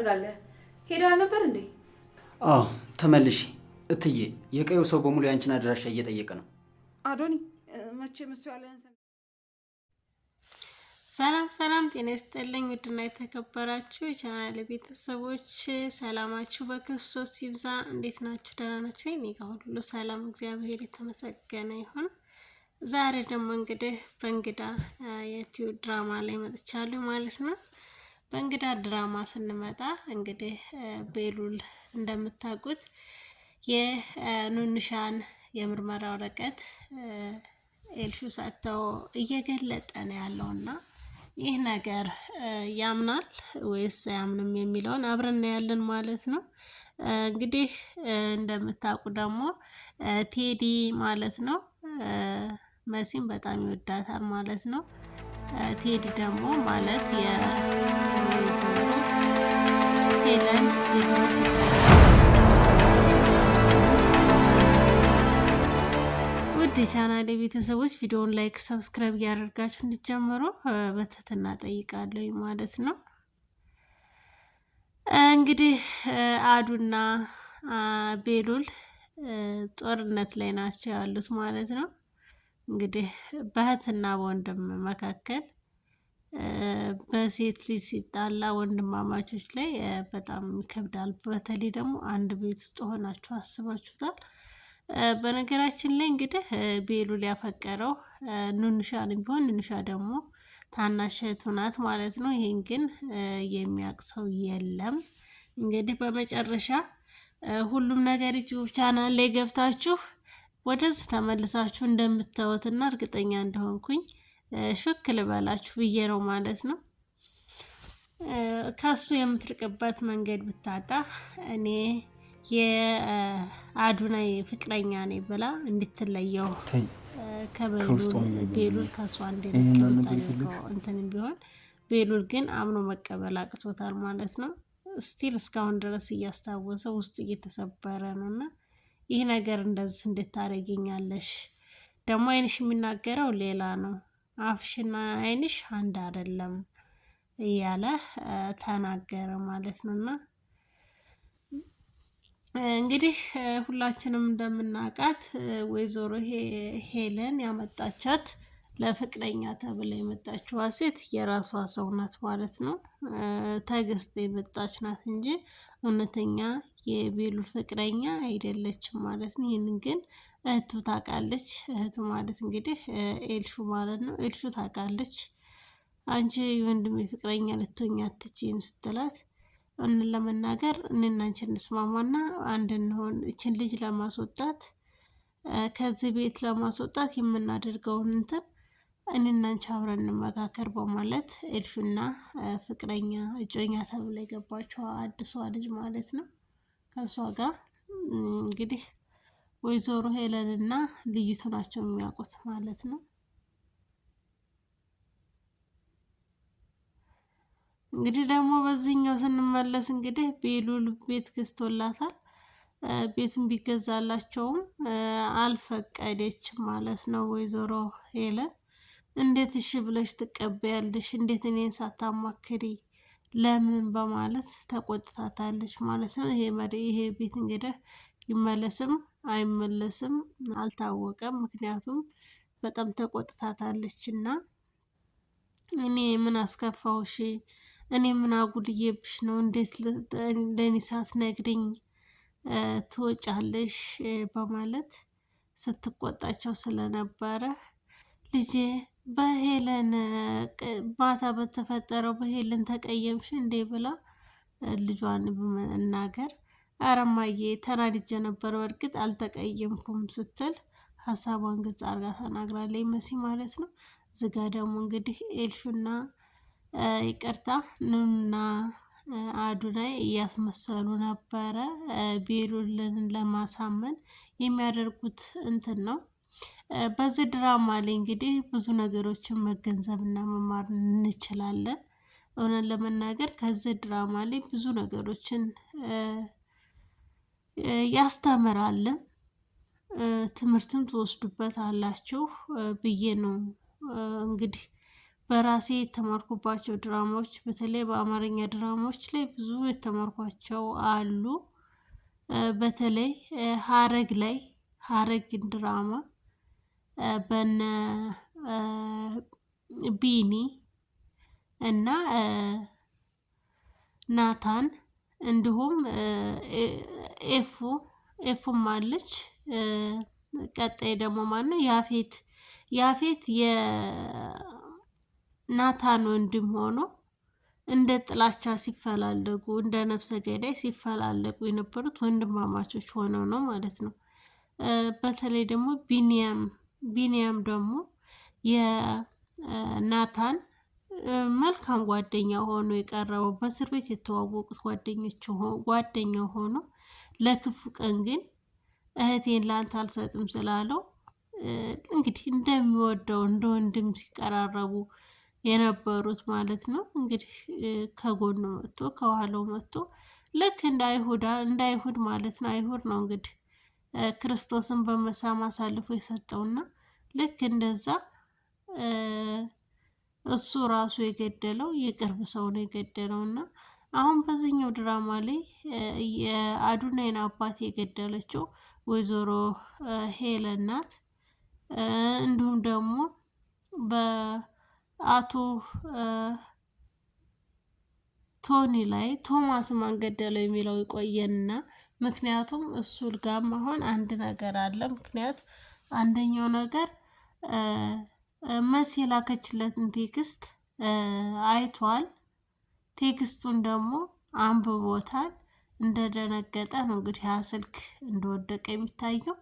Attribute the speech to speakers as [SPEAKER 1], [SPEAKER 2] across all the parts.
[SPEAKER 1] ታደርጋለህ? ሄደህ አልነበር እንዴ?
[SPEAKER 2] አዎ ተመልሼ። እትዬ የቀዩ ሰው በሙሉ ያንቺን አድራሻ እየጠየቀ ነው።
[SPEAKER 1] አዶኒ መቼም እሱ ያለህን
[SPEAKER 3] ሰላም ሰላም፣ ጤና ይስጥልኝ ውድና የተከበራችሁ የቻናል ቤተሰቦች ሰላማችሁ በክርስቶስ ይብዛ። እንዴት ናችሁ? ደህና ናችሁ ወይ? እኔ ጋ ሁሉ ሰላም፣ እግዚአብሔር የተመሰገነ ይሁን። ዛሬ ደግሞ እንግዲህ በእንግዳ የቲዩ ድራማ ላይ መጥቻለሁ ማለት ነው። በእንግዳ ድራማ ስንመጣ እንግዲህ ቤሉል እንደምታውቁት የኑንሻን የምርመራ ወረቀት ኤልሹ ሰጥተው እየገለጠ ነው ያለው እና ይህ ነገር ያምናል ወይስ አያምንም የሚለውን አብረን ያለን ማለት ነው። እንግዲህ እንደምታውቁ ደግሞ ቴዲ ማለት ነው መሲም በጣም ይወዳታል ማለት ነው። ቴዲ ደግሞ ማለት ዞና ሄለን የግሮፊት ውድ የቻናሌ ቤተሰቦች ቪዲዮውን ላይክ፣ ሰብስክራይብ እያደርጋችሁ እንዲጀምሩ በትህትና ጠይቃለሁ ማለት ነው። እንግዲህ አዱና ቤሉል ጦርነት ላይ ናቸው ያሉት ማለት ነው። እንግዲህ በእህትና በወንድም መካከል በሴት ልጅ ሲጣላ ወንድማማቾች ላይ በጣም ይከብዳል። በተለይ ደግሞ አንድ ቤት ውስጥ ሆናችሁ አስባችሁታል። በነገራችን ላይ እንግዲህ ቤሉ ያፈቀረው ኑንሻን ቢሆን ኑንሻ ደግሞ ታናሽ እህቱ ናት ማለት ነው። ይህን ግን የሚያውቅ ሰው የለም። እንግዲህ በመጨረሻ ሁሉም ነገር ዩቲዩብ ቻናል ላይ ገብታችሁ ወደዚህ ተመልሳችሁ እንደምታዩትና እርግጠኛ እንደሆንኩኝ ሹክ ልበላችሁ ብዬ ነው ማለት ነው። ከሱ የምትርቅበት መንገድ ብታጣ እኔ የአዱናይ ፍቅረኛ ነኝ ብላ እንድትለየው
[SPEAKER 4] ከቤሉል
[SPEAKER 3] ከሷ እንደለቀው እንትን ቢሆን ቤሉል ግን አምኖ መቀበል አቅቶታል ማለት ነው። ስቲል እስካሁን ድረስ እያስታወሰ ውስጡ እየተሰበረ ነው እና ይህ ነገር እንደዚህ እንድታደርጊኛለሽ ደግሞ አይንሽ የሚናገረው ሌላ ነው አፍሽና አይንሽ አንድ አይደለም እያለ ተናገረ ማለት ነው። እና እንግዲህ ሁላችንም እንደምናውቃት ወይዘሮ ሄለን ያመጣቻት ለፍቅረኛ ተብላ የመጣችዋ ሴት የራሷ ሰው ናት ማለት ነው። ተገዝታ የመጣች ናት እንጂ እውነተኛ የቤሉ ፍቅረኛ አይደለችም ማለት ነው። ይህንን ግን እህቱ ታውቃለች። እህቱ ማለት እንግዲህ ኤልሹ ማለት ነው። ኤልሹ ታውቃለች። አንቺ የወንድሜ ፍቅረኛ ልትሆኝ አትችይም ስትላት እን ለመናገር እኔና አንቺ እንስማማና አንድ እንሆን እችን ልጅ ለማስወጣት ከዚህ ቤት ለማስወጣት የምናደርገውን እንትን እኔና አንቺ አብረን እንመካከር በማለት እድፍና ፍቅረኛ እጮኛ ተብላ የገባቸው አዲሷ ልጅ ማለት ነው ከእሷ ጋር እንግዲህ ወይዘሮ ሄለን እና ልዩቱ ናቸው የሚያውቁት ማለት ነው። እንግዲህ ደግሞ በዚህኛው ስንመለስ እንግዲህ ቤሉል ቤት ገዝቶላታል። ቤቱን ቢገዛላቸውም አልፈቀደች ማለት ነው ወይዘሮ ሄለን እንዴት እሺ ብለሽ ትቀበያለሽ? እንዴት እኔን ሳታማክሪ ለምን በማለት ተቆጥታታለች ማለት ነው። ይሄ መሪ ይሄ ቤት እንግዲህ ይመለስም አይመለስም አልታወቀም። ምክንያቱም በጣም ተቆጥታታለች እና እኔ ምን አስከፋውሽ? እኔ ምን አጉልዬብሽ ነው? እንዴት ለእኔ ሳትነግሪኝ ትወጫለሽ? በማለት ስትቆጣቸው ስለነበረ ልጄ በሄለን ባታ በተፈጠረው በሄለን ተቀየምሽ እንዴ ብላ ልጇን መናገር አረማዬ ተናድጄ ነበር በእርግጥ አልተቀየምኩም ስትል ሀሳቧን ግልጽ አድርጋ ተናግራለች። መሲ ማለት ነው። እዚጋ ደግሞ እንግዲህ ኤልፍና ይቅርታ ኑና አዱናይ እያስመሰሉ ነበረ። ቤሉልን ለማሳመን የሚያደርጉት እንትን ነው። በዚህ ድራማ ላይ እንግዲህ ብዙ ነገሮችን እና መማር እንችላለን። እውነት ለመናገር ከዚህ ድራማ ላይ ብዙ ነገሮችን ያስተምራልን ትምህርትም ትወስዱበት አላችሁ ብዬ ነው እንግዲህ በራሴ የተማርኩባቸው ድራማዎች በተለይ በአማርኛ ድራማዎች ላይ ብዙ የተማርኳቸው አሉ። በተለይ ሀረግ ላይ ሀረግን ድራማ በነ ቢኒ እና ናታን እንዲሁም ኤፉ ኤፉም አለች። ቀጣይ ደግሞ ነው? ያፌት ያፌት የናታን ወንድም ሆኖ እንደ ጥላቻ ሲፈላለጉ እንደ ነፍሰ ገዳይ ሲፈላለጉ የነበሩት ወንድማማቾች ሆነው ነው ማለት ነው። በተለይ ደግሞ ቢኒያም ቢንያም ደግሞ የናታን መልካም ጓደኛ ሆኖ የቀረበው በእስር ቤት የተዋወቁት ጓደኛ ሆኖ ለክፉ ቀን ግን እህቴን ለአንተ አልሰጥም ስላለው እንግዲህ እንደሚወደው እንደ ወንድም ሲቀራረቡ የነበሩት ማለት ነው። እንግዲህ ከጎኑ መጥቶ ከኋላው መጥቶ ልክ እንደ አይሁድ እንደ አይሁድ ማለት ነው አይሁድ ነው እንግዲህ ክርስቶስን በመሳም አሳልፎ የሰጠውና ልክ እንደዛ እሱ ራሱ የገደለው የቅርብ ሰው ነው የገደለው እና አሁን በዚህኛው ድራማ ላይ የአዱናይን አባት የገደለችው ወይዘሮ ሄለን ናት። እንዲሁም ደግሞ በአቶ ቶኒ ላይ ቶማስ ማንገደለው የሚለው ይቆየንና፣ ምክንያቱም እሱ ልጋም አሁን አንድ ነገር አለ። ምክንያት አንደኛው ነገር መሲ የላከችለትን ቴክስት አይቷል። ቴክስቱን ደግሞ አንብቦታል። እንደደነገጠ ነው እንግዲህ ያ ስልክ እንደወደቀ የሚታየው።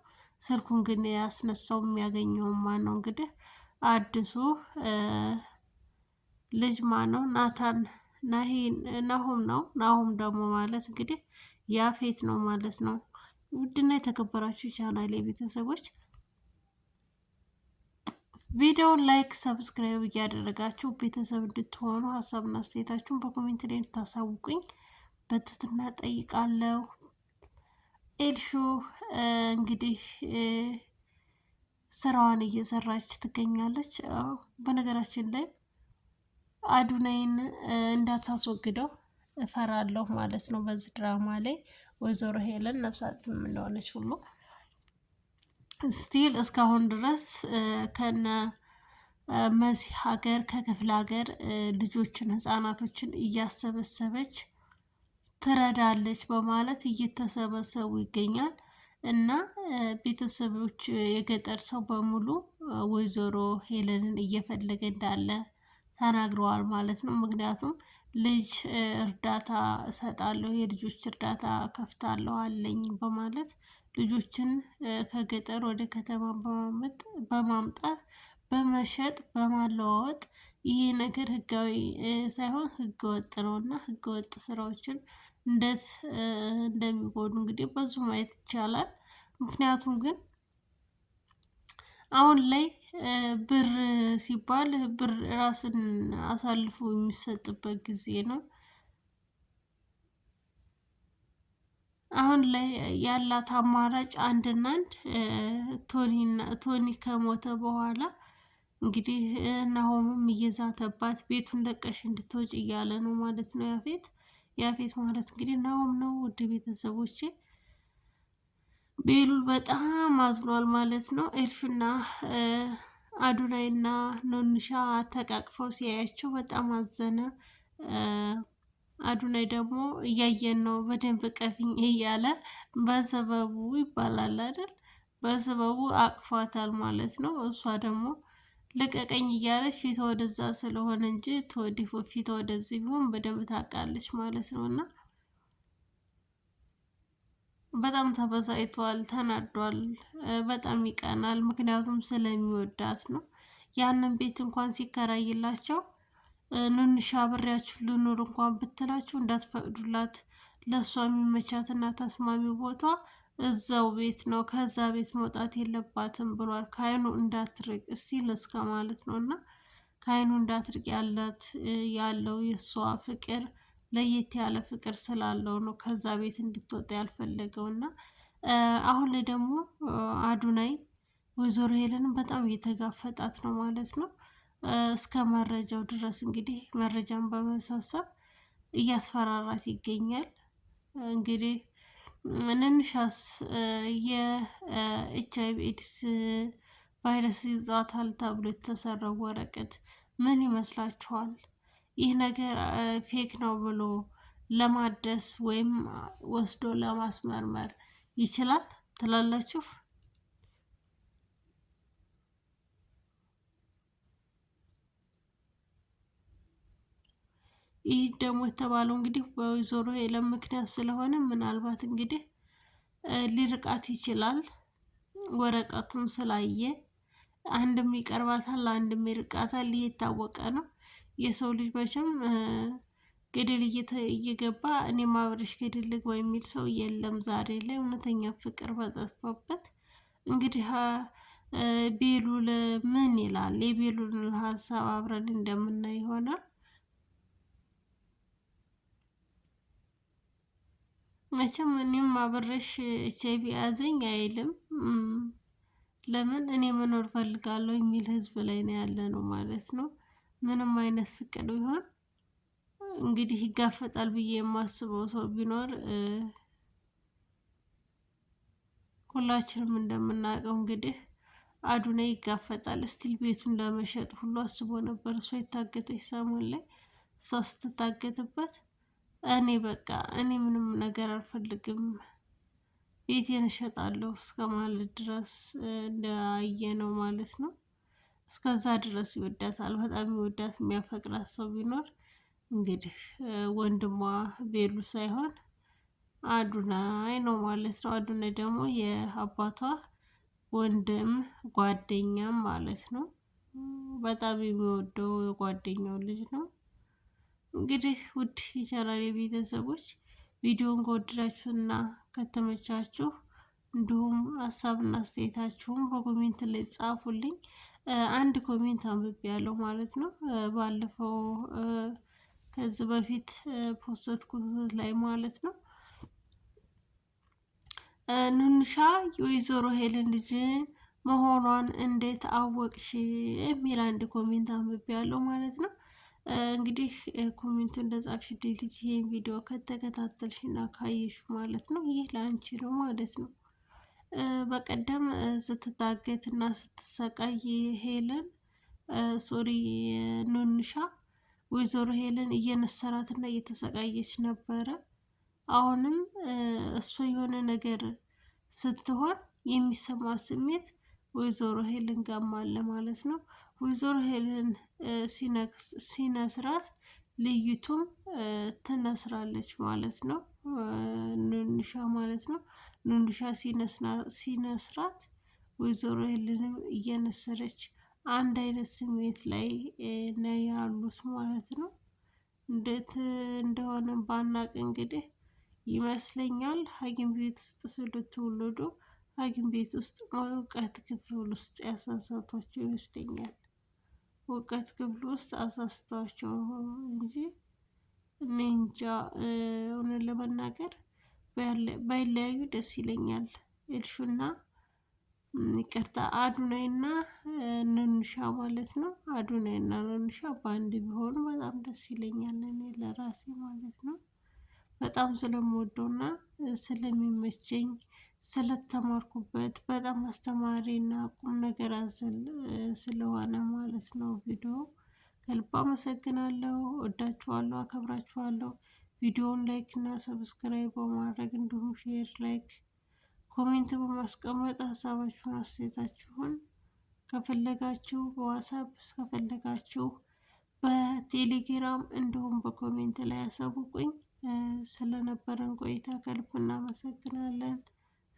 [SPEAKER 3] ስልኩን ግን ያስነሳው የሚያገኘው ማን ነው? እንግዲህ አዲሱ ልጅ ማን ነው? ናታን ናሆም ነው። ናሆም ደግሞ ማለት እንግዲህ ያፌት ነው ማለት ነው። ውድና የተከበራችሁ ይቻላል የቤተሰቦች ቪዲዮውን ላይክ፣ ሰብስክራይብ እያደረጋችሁ ቤተሰብ እንድትሆኑ ሀሳብና አስተያየታችሁን በኮሜንት ላይ እንድታሳውቁኝ በትህትና ጠይቃለሁ። ኤልሹ እንግዲህ ስራዋን እየሰራች ትገኛለች። በነገራችን ላይ አዱናይን እንዳታስወግደው እፈራለሁ ማለት ነው። በዚህ ድራማ ላይ ወይዘሮ ሄለን ነፍሳትም እንደሆነች ሁሉ ስቲል እስካሁን ድረስ ከነ መሲ ሀገር ከክፍለ ሀገር ልጆችን ህጻናቶችን እያሰበሰበች ትረዳለች በማለት እየተሰበሰቡ ይገኛል። እና ቤተሰቦች የገጠር ሰው በሙሉ ወይዘሮ ሄለንን እየፈለገ እንዳለ ተናግረዋል ማለት ነው። ምክንያቱም ልጅ እርዳታ እሰጣለሁ የልጆች እርዳታ ከፍታለሁ አለኝ በማለት ልጆችን ከገጠር ወደ ከተማ በማምጣት በመሸጥ በማለዋወጥ ይሄ ነገር ህጋዊ ሳይሆን ወጥ እና ህገ ወጥ ስራዎችን እንዴት እንደሚጎዱ እንግዲህ በዙ ማየት ይቻላል። ምክንያቱም ግን አሁን ላይ ብር ሲባል ብር ራስን አሳልፎ የሚሰጥበት ጊዜ ነው። አሁን ላይ ያላት አማራጭ አንድና አንድ ቶኒ ከሞተ በኋላ እንግዲህ ናሆምም እየዛተባት ቤቱን ለቀሽ እንድትወጭ እያለ ነው ማለት ነው። ያፌት ያፌት ማለት እንግዲህ ናሆም ነው። ውድ ቤተሰቦቼ ቤሉል በጣም አዝኗል ማለት ነው። ኤልፍና አዱላይና ኖንሻ ተቃቅፈው ሲያያቸው በጣም አዘነ። አዱናይ ደግሞ እያየን ነው በደንብ ቀፊኝ እያለ በሰበቡ ይባላል አይደል? በሰበቡ አቅፏታል ማለት ነው። እሷ ደግሞ ልቀቀኝ እያለች ፊት ወደዛ ስለሆነ እንጂ ተወዲፎ ፊት ወደዚህ ቢሆን በደንብ ታውቃለች ማለት ነው እና በጣም ተበሳጭቷል፣ ተናዷል፣ በጣም ይቀናል። ምክንያቱም ስለሚወዳት ነው። ያንን ቤት እንኳን ሲከራይላቸው ኑንሻ አብሬያችሁ ልኑር እንኳን ብትላችሁ እንዳትፈቅዱላት። ለእሷ የሚመቻትና ተስማሚ ቦታ እዛው ቤት ነው፣ ከዛ ቤት መውጣት የለባትም ብሏል። ከአይኑ እንዳትርቅ እስቲል እስከ ማለት ነው እና ከአይኑ እንዳትርቅ ያላት ያለው የእሷ ፍቅር ለየት ያለ ፍቅር ስላለው ነው ከዛ ቤት እንድትወጣ ያልፈለገው እና አሁን ላይ ደግሞ አዱናይ ወይዘሮ ሄለንም በጣም እየተጋፈጣት ነው ማለት ነው። እስከ መረጃው ድረስ እንግዲህ መረጃን በመሰብሰብ እያስፈራራት ይገኛል። እንግዲህ ንንሻስ የኤች አይቪ ኤድስ ቫይረስ ይዟታል ተብሎ የተሰራው ወረቀት ምን ይመስላችኋል? ይህ ነገር ፌክ ነው ብሎ ለማደስ ወይም ወስዶ ለማስመርመር ይችላል ትላላችሁ? ይህ ደግሞ የተባለው እንግዲህ በወይዘሮ የለም ምክንያት ስለሆነ ምናልባት እንግዲህ ሊርቃት ይችላል። ወረቀቱን ስላየ አንድም ይቀርባታል፣ አንድም ይርቃታል። ይህ የታወቀ ነው። የሰው ልጅ መቼም ገደል እየገባ እኔ ማብረሽ ገደል ልግባ የሚል ሰው የለም። ዛሬ ላይ እውነተኛ ፍቅር በጠፋበት እንግዲህ ቤሉል ምን ይላል? የቤሉልን ሀሳብ አብረን እንደምናይ ይሆናል። መቼም እኔም አብረሽ ኤች አይ ቪ ያዘኝ አይልም። ለምን እኔ መኖር ፈልጋለሁ የሚል ህዝብ ላይ ነው ያለ ነው ማለት ነው። ምንም አይነት ፍቅር ቢሆን እንግዲህ ይጋፈጣል ብዬ የማስበው ሰው ቢኖር ሁላችንም እንደምናውቀው እንግዲህ አዱናይ ይጋፈጣል። እስቲል ቤቱን ለመሸጥ ሁሉ አስቦ ነበር። እሷ የታገጠች ሰሞን ላይ እሷ ስትታገጥበት እኔ በቃ እኔ ምንም ነገር አልፈልግም ቤቴን እሸጣለሁ እስከ ማለት ድረስ እንዳየ ነው ማለት ነው። እስከዛ ድረስ ይወዳታል። በጣም ይወዳት የሚያፈቅራት ሰው ቢኖር እንግዲህ ወንድሟ ቤሉ ሳይሆን አዱናይ ነው ማለት ነው። አዱናይ ደግሞ የአባቷ ወንድም ጓደኛም ማለት ነው። በጣም የሚወደው የጓደኛው ልጅ ነው። እንግዲህ ውድ ይቻላል የቤተሰቦች ቪዲዮን ከወድዳችሁና ከተመቻችሁ እንዲሁም ሀሳብና አስተያየታችሁን በኮሜንት ላይ ጻፉልኝ። አንድ ኮሜንት አንብቤ ያለው ማለት ነው። ባለፈው ከዚህ በፊት ኩት ላይ ማለት ነው። ኑንሻ የወይዘሮ ሄልን ልጅ መሆኗን እንዴት አወቅሽ? የሚል አንድ ኮሜንት አንብቤ ያለው ማለት ነው። እንግዲህ ኮሜንቱ እንደጻፍሽ ልጅ ይሄን ቪዲዮ ከተከታተልሽ እና ካየሽ ማለት ነው ይህ ለአንቺ ነው ማለት ነው። በቀደም እና ስትሰቃይ ሄለን ሶሪ ኑንሻ ወይዘሮ ሄለን እና እየተሰቃየች ነበረ። አሁንም እሷ የሆነ ነገር ስትሆን የሚሰማ ስሜት ወይዘሮ ሄልን ጋም አለ ማለት ነው። ወይዘሮ ሄልን ሲነስራት ልዩቱም ትነስራለች ማለት ነው። ንንሻ ማለት ነው። ኑንዱሻ ሲነስራት ወይዘሮ ሄለንም እየነሰረች አንድ አይነት ስሜት ላይ ነው ያሉት ማለት ነው። እንዴት እንደሆነ ባናቅ እንግዲህ ይመስለኛል ሐኪም ቤት ውስጥ ስለተወለዱ ሐኪም ቤት ውስጥ እውቀት ክፍል ውስጥ ያሳሳቷቸው ይመስለኛል። እውቀት ክፍል ውስጥ አሳስቷቸው እንጂ እኔ እንጃ እውነት ለመናገር ባይለያዩ ደስ ይለኛል። ኤልሹና ይቅርታ አዱናይና ኑንሻ ማለት ነው። አዱናይና ኑንሻ በአንድ ቢሆኑ በጣም ደስ ይለኛል እኔ ለራሴ ማለት ነው። በጣም ስለምወደውና ስለሚመቸኝ ስለተማርኩበት በጣም አስተማሪና ቁም ነገር አዘል ስለሆነ ማለት ነው። ቪዲዮ ከልብ አመሰግናለሁ ወዳችኋለሁ፣ አከብራችኋለሁ ቪዲዮውን ላይክ እና ሰብስክራይብ በማድረግ እንዲሁም ሼር፣ ላይክ፣ ኮሜንት በማስቀመጥ ሀሳባችሁን አስተያየታችሁን ከፈለጋችሁ በዋትሳፕ ከፈለጋችሁ በቴሌግራም እንዲሁም በኮሜንት ላይ ያሳውቁኝ። ስለነበረን ቆይታ ከልብ እናመሰግናለን።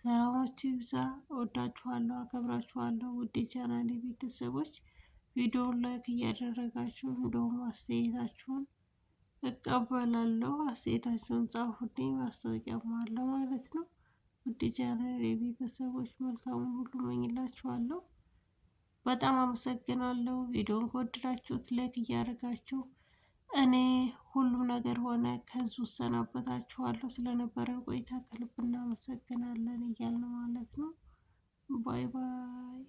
[SPEAKER 3] ሰላማችሁ ይብዛ። ወዳችኋለሁ፣ አከብራችኋለሁ። ውድ የቻናሌ ቤተሰቦች ቪዲዮውን ላይክ እያደረጋችሁ እንዲሁም አስተያየታችሁን እቀበላለሁ አስተያየታችሁን ጻፉልኝ ማስታወቂያም አለ ማለት ነው። ውድ ቻናሌ ቤተሰቦች መልካሙን ሁሉ እመኝላችኋለሁ። በጣም አመሰግናለሁ። ቪዲዮን ከወደዳችሁት ላይክ እያደረጋችሁ እኔ ሁሉም ነገር ሆነ ከዙ ሰናበታችኋለሁ። ስለነበረን ቆይታ ከልብ እናመሰግናለን እያልን ማለት ነው። ባይ ባይ